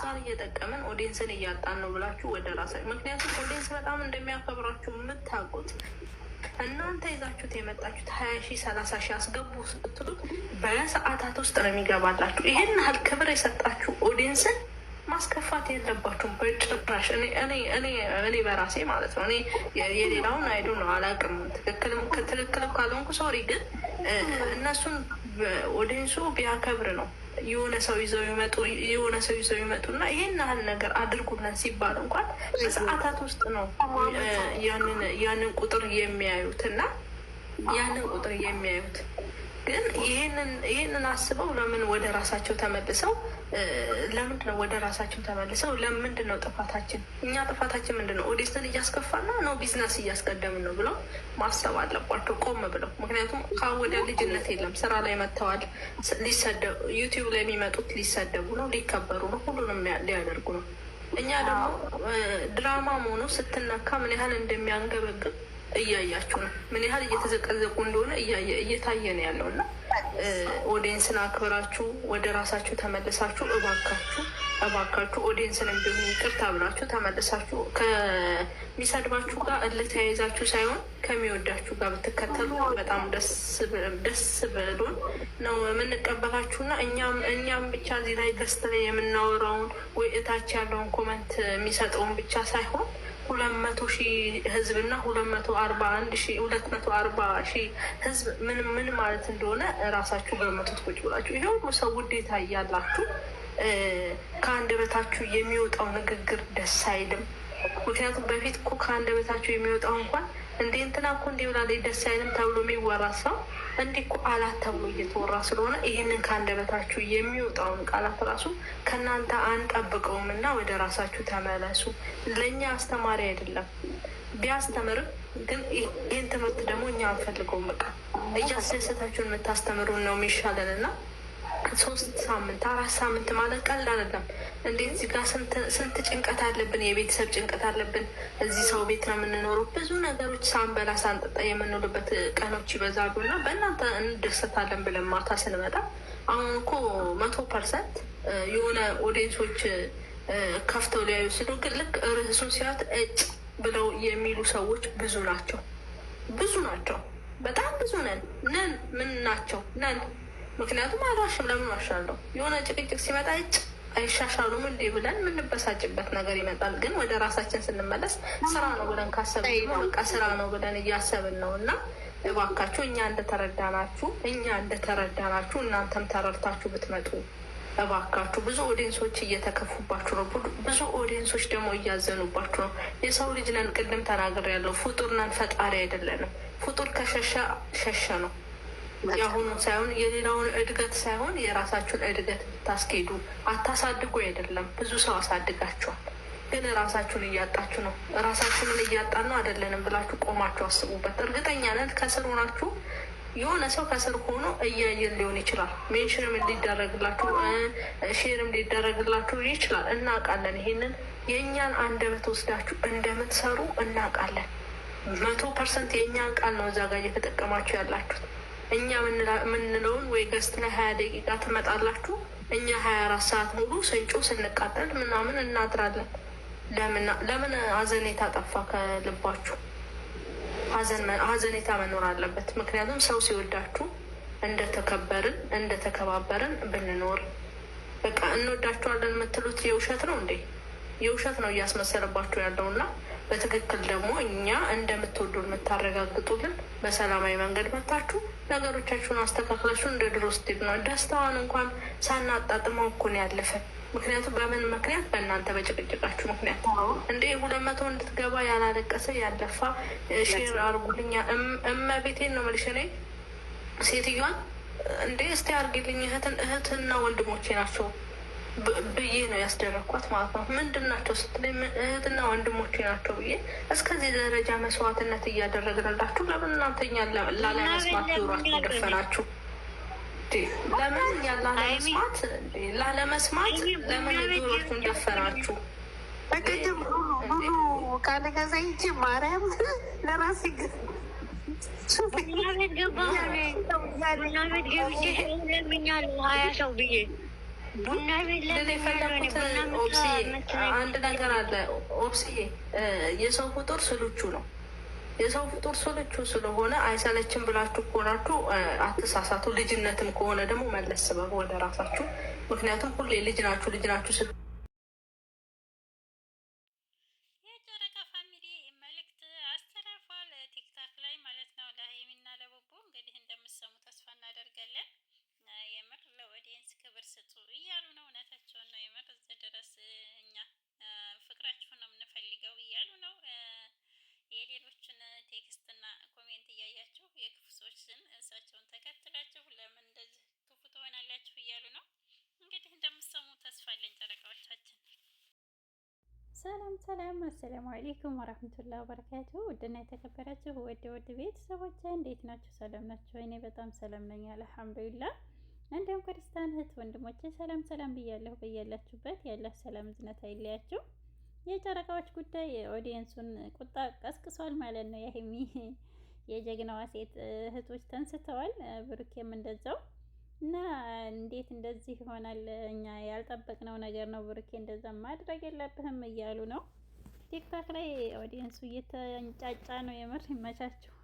ሳር እየጠቀምን ኦዲንስን እያጣን ነው ብላችሁ ወደ ራሳ ምክንያቱም ኦዲንስ በጣም እንደሚያከብራችሁ የምታውቁት እናንተ ይዛችሁት የመጣችሁት ሀያ ሺ ሰላሳ ሺ አስገቡ ስትሉት በሰዓታት ውስጥ ነው የሚገባላችሁ። ይህን ያህል ክብር የሰጣችሁ ኦዲንስን ማስከፋት የለባችሁም በጭራሽ። እኔ በራሴ ማለት ነው። እኔ የሌላውን አይዱ ነው አላውቅም። ትክክልም ካልሆንኩ ሶሪ፣ ግን እነሱን ወደንሱ ቢያከብር ነው። የሆነ ሰው ይዘው ይመጡ የሆነ ሰው ይዘው ይመጡ እና ይሄን ያህል ነገር አድርጉለን ሲባል እንኳን በሰዓታት ውስጥ ነው ያንን ቁጥር የሚያዩት እና ያንን ቁጥር የሚያዩት ግን ይህንን አስበው ለምን ወደ ራሳቸው ተመልሰው ለምንድን ነው ወደ ራሳቸው ተመልሰው ለምንድነው ነው ጥፋታችን እኛ ጥፋታችን ምንድን ነው እያስከፋ እያስከፋና ነው ቢዝነስ እያስቀደምን ነው ብለው ማሰብ አለባቸው ቆም ብለው ምክንያቱም ከወደ ልጅነት የለም ስራ ላይ መጥተዋል ሊሰደቡ ዩቲዩብ ላይ የሚመጡት ሊሰደቡ ነው ሊከበሩ ነው ሁሉንም ሊያደርጉ ነው እኛ ደግሞ ድራማ መሆኑ ስትነካ ምን ያህል እንደሚያንገበግብ እያያችሁ ነው። ምን ያህል እየተዘቀዘቁ እንደሆነ እየታየ ነው ያለው እና ኦዲየንስን አክብራችሁ ወደ ራሳችሁ ተመልሳችሁ እባካችሁ እባካችሁ ኦዲየንስን እንዲሆን ይቅርታ ብላችሁ ተመልሳችሁ ከሚሰድባችሁ ጋር እልህ ተያይዛችሁ ሳይሆን ከሚወዳችሁ ጋር ብትከተሉ በጣም ደስ ብሎን ነው የምንቀበላችሁ እና እኛም ብቻ እዚህ ላይ ገስት ላይ የምናወራውን ወይ እታች ያለውን ኮመንት የሚሰጠውን ብቻ ሳይሆን ሁለት መቶ ሺህ ህዝብ እና ሁለት መቶ አርባ አንድ ሺህ ሁለት መቶ አርባ ሺህ ህዝብ ምን ምን ማለት እንደሆነ ራሳችሁ በመቶት ቁጭ ብላችሁ ይሄ ሁሉ ሰው ውዴታ እያላችሁ ከአንድ በታችሁ የሚወጣው ንግግር ደስ አይልም። ምክንያቱም በፊት እኮ ከአንደበታቸው የሚወጣው እንኳን እንዴ እንትና እኮ እንዲህ ብላለች ደስ አይልም ተብሎ የሚወራ ሰው እንዲህ እኮ አላት ተብሎ እየተወራ ስለሆነ ይህንን ከአንደበታችሁ የሚወጣውን ቃላት ራሱ ከእናንተ አንጠብቀውም እና ወደ ራሳችሁ ተመለሱ። ለእኛ አስተማሪ አይደለም። ቢያስተምርም ግን ይህን ትምህርት ደግሞ እኛ አንፈልገውም። በቃ እያስደሰታችሁን የምታስተምሩን ነው የሚሻለን እና ሶስት ሳምንት አራት ሳምንት ማለት ቀልድ አይደለም። እንዴት እዚህ ጋር ስንት ጭንቀት አለብን፣ የቤተሰብ ጭንቀት አለብን። እዚህ ሰው ቤት ነው የምንኖረው። ብዙ ነገሮች ሳንበላ ሳንጠጣ የምንውልበት ቀኖች ይበዛሉ እና በእናንተ እንደሰታለን ብለን ማታ ስንመጣ አሁን እኮ መቶ ፐርሰንት የሆነ ኦዲየንሶች ከፍተው ሊያዩ ስሉ ግን ልክ ርዕሱን ሲያዩት እጭ ብለው የሚሉ ሰዎች ብዙ ናቸው፣ ብዙ ናቸው፣ በጣም ብዙ ነን ነን ምን ናቸው ነን ምክንያቱም አልዋሽም። ለምን ዋሻለሁ? የሆነ ጭቅጭቅ ሲመጣ ይጭ አይሻሻሉም እንዴ ብለን የምንበሳጭበት ነገር ይመጣል። ግን ወደ ራሳችን ስንመለስ ስራ ነው ብለን ካሰብን በቃ ስራ ነው ብለን እያሰብን ነው እና እባካችሁ እኛ እንደተረዳናችሁ እኛ እንደተረዳናችሁ እናንተም ተረድታችሁ ብትመጡ እባካችሁ። ብዙ ኦዲየንሶች እየተከፉባችሁ ነው። ብዙ ኦዲየንሶች ደግሞ እያዘኑባችሁ ነው። የሰው ልጅ ነን፣ ቅድም ተናግሬያለሁ። ፍጡር ነን፣ ፈጣሪ አይደለንም። ፍጡር ከሸሸ ሸሸ ነው የአሁኑ ሳይሆን የሌላውን እድገት ሳይሆን የራሳችሁን እድገት ብታስኬዱ አታሳድጉ አይደለም። ብዙ ሰው አሳድጋችኋል፣ ግን ራሳችሁን እያጣችሁ ነው። ራሳችሁን እያጣን ነው አይደለንም ብላችሁ ቆማችሁ አስቡበት። እርግጠኛ ነን ከስር ሆናችሁ የሆነ ሰው ከስር ሆኖ እያየን ሊሆን ይችላል። ሜንሽንም ሊደረግላችሁ ሼርም ሊደረግላችሁ ይችላል። እናውቃለን። ይሄንን የእኛን አንደበት ወስዳችሁ እንደምትሰሩ እናውቃለን። መቶ ፐርሰንት የእኛን ቃል ነው እዛ ጋር እየተጠቀማችሁ ያላችሁት እኛ የምንለውን ወይ ገዝትና ሀያ ደቂቃ ትመጣላችሁ። እኛ ሀያ አራት ሰዓት ሙሉ ስንጮ ስንቃጠል ምናምን እናድራለን። ለምን ሀዘኔታ ጠፋ ከልባችሁ? ሀዘኔታ መኖር አለበት። ምክንያቱም ሰው ሲወዳችሁ እንደተከበርን እንደተከባበርን ብንኖር በቃ እንወዳችኋለን የምትሉት የውሸት ነው እንዴ? የውሸት ነው እያስመሰለባችሁ ያለውና በትክክል ደግሞ እኛ እንደምትወዱ የምታረጋግጡልን በሰላማዊ መንገድ መታችሁ ነገሮቻችሁን አስተካክላችሁ እንደ ድሮ ስቴፕ ነው። ደስታዋን እንኳን ሳናጣጥመው እኮ ነው ያለፈን። ምክንያቱም በምን ምክንያት? በእናንተ በጭቅጭቃችሁ ምክንያት እንደ ሁለት መቶ እንድትገባ ያላለቀሰ ያለፋ ሼር አርጉልኛ። እመቤቴን ነው የምልሽ እኔ ሴትዮዋን እንዴ እስቲ አርግልኝ። እህትን እህትና ወንድሞቼ ናቸው ብዬ ነው ያስደረግኳት ማለት ነው። ምንድን ናቸው ስትለኝ እህትና ወንድሞቼ ናቸው ብዬ እስከዚህ ደረጃ መስዋዕትነት እያደረግንላችሁ ለምን እናንተ እኛን ላለ መስማት ጆሯችሁ ደፈናችሁ? ለምን ያላለመስማት ላለመስማት ለምን ጆሯችሁን ደፈናችሁ? በቅድም ሉሉ ካለገዛ ይቺ ማርያም ለራሴ ሱፍኛ ቤት ገባ ቡና ቤት ገብቼ ለምኛለሁ ሀያ ሰው ብዬ አንድ ነገር አለ ኦብስዬ፣ የሰው ፍጡር ስልቹ ነው። የሰው ፍጡር ስልቹ ስለሆነ አይሰለችም ብላችሁ ከሆናችሁ አትሳሳቱ። ልጅነትም ከሆነ ደግሞ መለስ በሉ ወደ ራሳችሁ። ምክንያቱም ሁሌ ልጅ ናችሁ ልጅ ናችሁ ስ መልእክት አስተላልፏል ላይ ማለት ነው ለሀይሚና ለቡቡ እንግዲህ እንደምትሰሙ ተስፋ እናደርጋለን። የምር ለኦዲየንስ ክብር ስጡ እያሉ ነው። እውነታቸውን ነው። የምር እዚህ ድረስ እኛ ፍቅራችሁን ነው የምንፈልገው እያሉ ነው። የሌሎችን ቴክስትና ኮሜንት እያያችሁ የክፉ ሰዎች እሳቸውን ተከትላችሁ ለምን እንደዚህ ክፉ ትሆናላችሁ እያሉ ነው። እንግዲህ እንደምሰሙ ተስፋ አለኝ ጨረቃዎቻችን። ሰላም ሰላም፣ አሰላሙ አሌይኩም ወራህመቱላ ወበረካቱሁ። ውድና የተከበራችሁ ወደ ወድ ቤተሰቦች እንዴት ናችሁ? ሰላም ናችሁ? እኔ በጣም ሰላም ነኝ አልሐምዱሊላህ። እንዲሁም ክርስቲያን እህት ወንድሞቼ ሰላም ሰላም ብያለሁ። በያላችሁበት ያለ ሰላም ዝነት አይለያችሁ። የጨረቃዎች ጉዳይ ኦዲየንሱን ቁጣ ቀስቅሷል ማለት ነው። የሀይሚ የጀግናዋ ሴት እህቶች ተንስተዋል፣ ብሩኬም እንደዛው እና እንዴት እንደዚህ ይሆናል? እኛ ያልጠበቅነው ነገር ነው። ብሩኬ እንደዛ ማድረግ የለብህም እያሉ ነው። ቲክታክ ላይ ኦዲየንሱ እየተንጫጫ ነው። የምር ይመቻችሁ።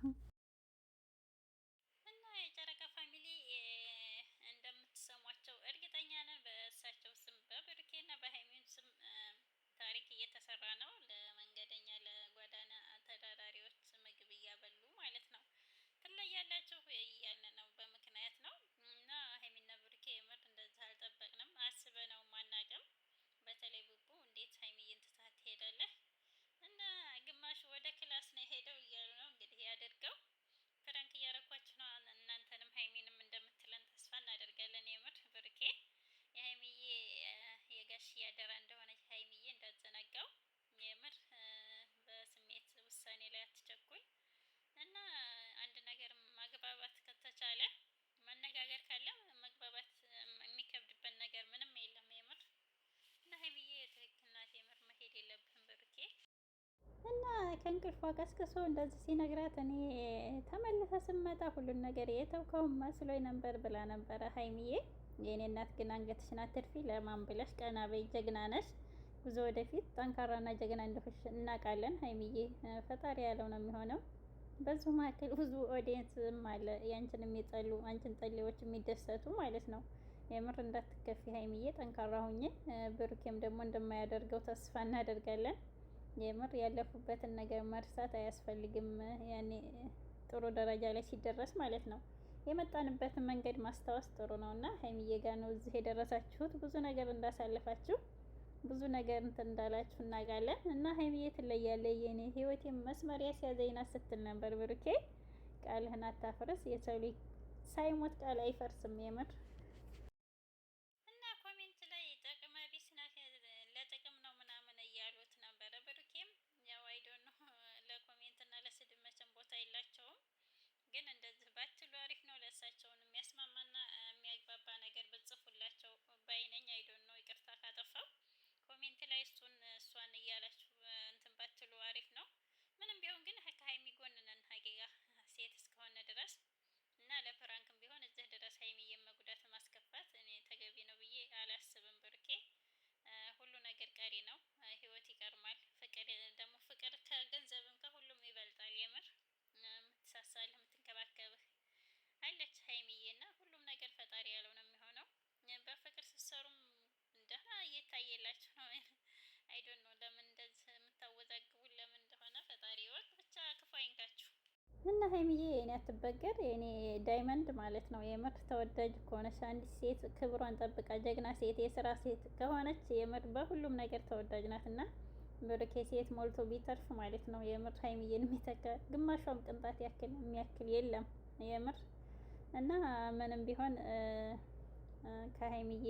ከእንቅልፏ ቀስቅሶ እንደዚህ ሲነግራት እኔ ተመልሰ ስመጣ ሁሉን ነገር የተውከውን መስሎኝ ነበር ብላ ነበረ ሀይሚዬ። የእኔ እናት ግን አንገትሽን አትድፊ፣ ለማን ብለሽ ቀና በይ። ጀግና ነሽ፣ ጉዞ ወደፊት። ጠንካራና ጀግና እንደሆንሽ እናውቃለን ሀይሚዬ። ፈጣሪ ያለው ነው የሚሆነው። በዙ መካከል ብዙ ኦዲየንስም አለ ያንችን የሚጠሉ አንችን ጠሌዎች የሚደሰቱ ማለት ነው። የምር እንዳትከፊ ሀይሚዬ፣ ጠንካራ ሁኝ። ብሩኬም ደግሞ እንደማያደርገው ተስፋ እናደርጋለን። የምር ያለፉበትን ነገር መርሳት አያስፈልግም። ያኔ ጥሩ ደረጃ ላይ ሲደረስ ማለት ነው። የመጣንበትን መንገድ ማስታወስ ጥሩ ነው እና ሀይሚዬ ጋ ነው እዚህ የደረሳችሁት። ብዙ ነገር እንዳሳለፋችሁ ብዙ ነገር እንትን እንዳላችሁ እናውቃለን። እና ሀይሚዬ ትለያለህ። የኔ ህይወቴ መስመሪያ ሲያዘኝና ስትል ነበር ብሩኬ። ቃልህን አታፍርስ። የሰው ልጅ ሳይሞት ቃል አይፈርስም የምር እና ሀይሚዬ የኔ አትበገር የኔ ዳይመንድ ማለት ነው። የምር ተወዳጅ ከሆነች አንዲት ሴት ክብሯን ጠብቃ ጀግና ሴት፣ የስራ ሴት ከሆነች የምር በሁሉም ነገር ተወዳጅ ናት እና ብሩኬ ሴት ሞልቶ ቢተርፍ ማለት ነው የምር ሀይሚዬን የሚተካ ግማሿም ቅንጣት ያክል የሚያክል የለም የምር እና ምንም ቢሆን ከሀይሚዬ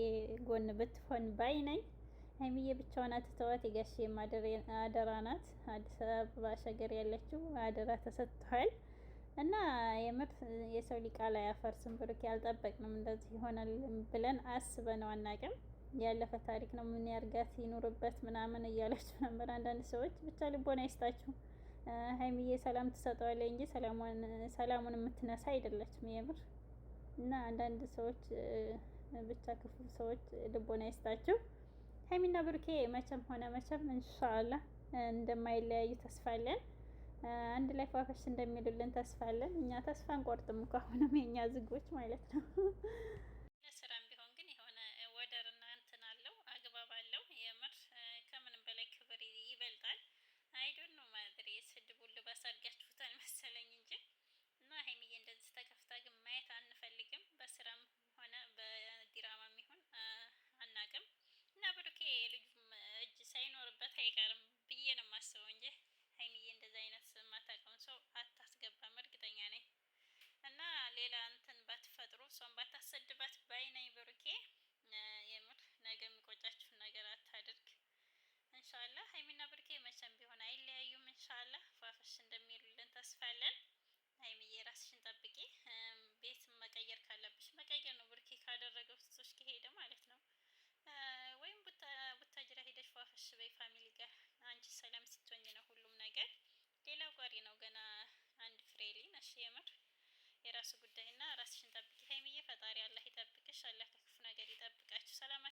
ጎን ብትሆን ባይ ነኝ። ሀይሚዬ ብቻዋን አትተዋት። የጋሼ አደራ ናት። አዲስ አበባ ሸገር ያለችው አደራ ተሰጥቷል። እና የምር የሰው ሊቃ ላይ አፈርስም ብሩክ ያልጠበቅንም እንደዚህ ይሆናል ብለን አስበነው አናውቅም። ያለፈ ታሪክ ነው። ምን ያርጋት ይኑርበት ምናምን እያላችሁ ነበር አንዳንድ ሰዎች። ብቻ ልቦና አይስጣችሁ። ሀይሚዬ ሰላም ትሰጠዋለች እንጂ ሰላሙን የምትነሳ አይደለችም የምር እና አንዳንድ ሰዎች ብቻ ክፉ ሰዎች ልቦና አይስጣችሁ። ሀይሚና ብሩኬ መቼም ሆነ መቼም እንሻአላ እንደማይለያዩ ተስፋ አለን። አንድ ላይ ፏፈሽ እንደሚሉልን ተስፋ አለን። እኛ ተስፋ እንቆርጥም እኮ አሁንም የእኛ ዝግቦች ማለት ነው።